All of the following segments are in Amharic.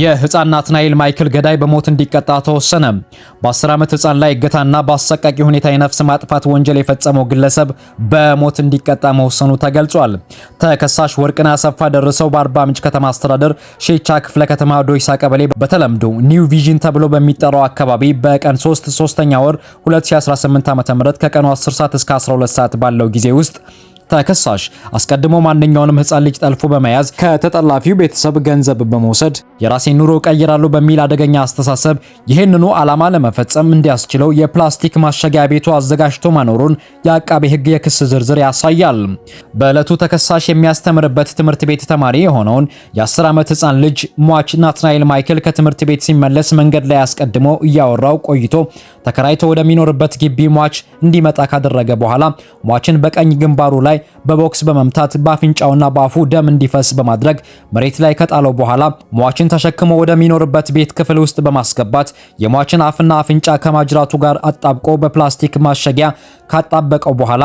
የህፃን ናትናኤል ማይክል ገዳይ በሞት እንዲቀጣ ተወሰነ። በ10 ዓመት ህፃን ላይ እገታና በአሰቃቂ ሁኔታ የነፍስ ማጥፋት ወንጀል የፈጸመው ግለሰብ በሞት እንዲቀጣ መወሰኑ ተገልጿል። ተከሳሽ ወርቅና አሰፋ ደርሰው በአርባ ምንጭ ከተማ አስተዳደር ሼቻ ክፍለ ከተማ ዶይሳ ቀበሌ በተለምዶ ኒው ቪዥን ተብሎ በሚጠራው አካባቢ በቀን 3 ሶስተኛ ወር 2018 ዓ.ም ከቀኑ 10 ሰዓት እስከ 12 ሰዓት ባለው ጊዜ ውስጥ ተከሳሽ አስቀድሞ ማንኛውንም ህፃን ልጅ ጠልፎ በመያዝ ከተጠላፊው ቤተሰብ ገንዘብ በመውሰድ የራሴን ኑሮ እቀይራለሁ በሚል አደገኛ አስተሳሰብ ይህንኑ ዓላማ ለመፈጸም እንዲያስችለው የፕላስቲክ ማሸጊያ ቤቱ አዘጋጅቶ መኖሩን የአቃቤ ህግ የክስ ዝርዝር ያሳያል። በዕለቱ ተከሳሽ የሚያስተምርበት ትምህርት ቤት ተማሪ የሆነውን የ10 ዓመት ህፃን ልጅ ሟች ናትናኤል ማይክል ከትምህርት ቤት ሲመለስ መንገድ ላይ አስቀድሞ እያወራው ቆይቶ ተከራይቶ ወደሚኖርበት ግቢ ሟች እንዲመጣ ካደረገ በኋላ ሟችን በቀኝ ግንባሩ ላይ ላይ በቦክስ በመምታት በአፍንጫውና በአፉ ደም እንዲፈስ በማድረግ መሬት ላይ ከጣለው በኋላ ሟችን ተሸክሞ ወደሚኖርበት ቤት ክፍል ውስጥ በማስገባት የሟችን አፍና አፍንጫ ከማጅራቱ ጋር አጣብቆ በፕላስቲክ ማሸጊያ ካጣበቀው በኋላ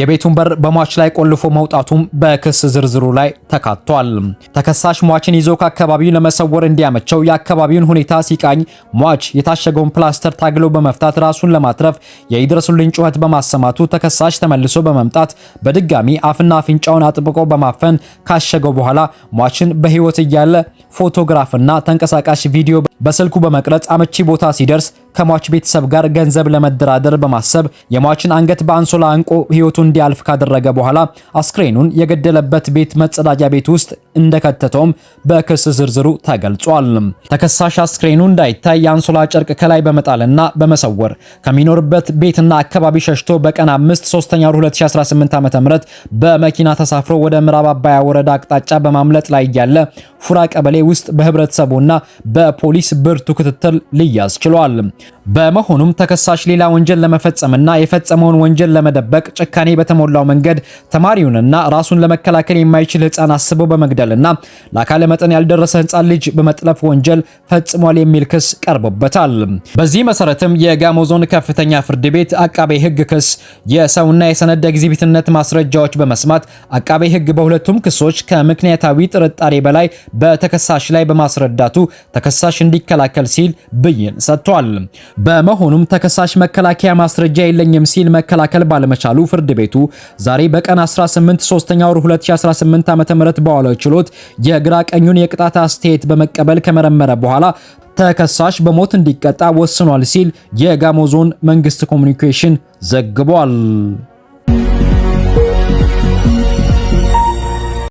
የቤቱን በር በሟች ላይ ቆልፎ መውጣቱም በክስ ዝርዝሩ ላይ ተካቷል። ተከሳሽ ሟችን ይዞ ከአካባቢው ለመሰወር እንዲያመቸው የአካባቢውን ሁኔታ ሲቃኝ ሟች የታሸገውን ፕላስተር ታግሎ በመፍታት ራሱን ለማትረፍ የይድረሱልኝ ጩኸት በማሰማቱ ተከሳሽ ተመልሶ በመምጣት በድጋ በድጋሚ አፍና አፍንጫውን አጥብቆ በማፈን ካሸገው በኋላ ሟችን በህይወት እያለ ፎቶግራፍና ተንቀሳቃሽ ቪዲዮ በስልኩ በመቅረጽ አመቺ ቦታ ሲደርስ ከሟች ቤተሰብ ጋር ገንዘብ ለመደራደር በማሰብ የሟችን አንገት በአንሶላ አንቆ ህይወቱ እንዲያልፍ ካደረገ በኋላ አስክሬኑን የገደለበት ቤት መጸዳጃ ቤት ውስጥ እንደከተተውም በክስ ዝርዝሩ ተገልጿል። ተከሳሽ አስክሬኑ እንዳይታይ የአንሶላ ጨርቅ ከላይ በመጣልና በመሰወር ከሚኖርበት ቤትና አካባቢ ሸሽቶ በቀን 5 3 2018 ዓ.ም በመኪና ተሳፍሮ ወደ ምዕራብ አባያ ወረዳ አቅጣጫ በማምለጥ ላይ ያለ ፉራ ቀበሌ ውስጥ በህብረተሰቡና በፖሊስ ብርቱ ክትትል ሊያዝ ችሏል። በመሆኑም ተከሳሽ ሌላ ወንጀል ለመፈጸምና የፈጸመውን ወንጀል ለመደበቅ ጭካኔ በተሞላው መንገድ ተማሪውንና ራሱን ለመከላከል የማይችል ህፃን አስቦ በመግደልና ለአካለ መጠን ያልደረሰ ህፃን ልጅ በመጥለፍ ወንጀል ፈጽሟል የሚል ክስ ቀርቦበታል። በዚህ መሰረትም የጋሞ ዞን ከፍተኛ ፍርድ ቤት አቃቤ ህግ ክስ የሰውና የሰነድ ኤግዚቢትነት ማስረጃዎች በመስማት አቃቤ ህግ በሁለቱም ክሶች ከምክንያታዊ ጥርጣሬ በላይ በተከሳሽ ላይ በማስረዳቱ ተከሳሽ እንዲከላከል ሲል ብይን ሰጥቷል። በመሆኑም ተከሳሽ መከላከያ ማስረጃ የለኝም ሲል መከላከል ባለመቻሉ ፍርድ ቤቱ ዛሬ በቀን 18 ሶስተኛ ወር 2018 ዓ.ም በዋለው ችሎት የግራ ቀኙን የቅጣት አስተያየት በመቀበል ከመረመረ በኋላ ተከሳሽ በሞት እንዲቀጣ ወስኗል ሲል የጋሞ ዞን መንግስት ኮሚኒኬሽን ዘግቧል።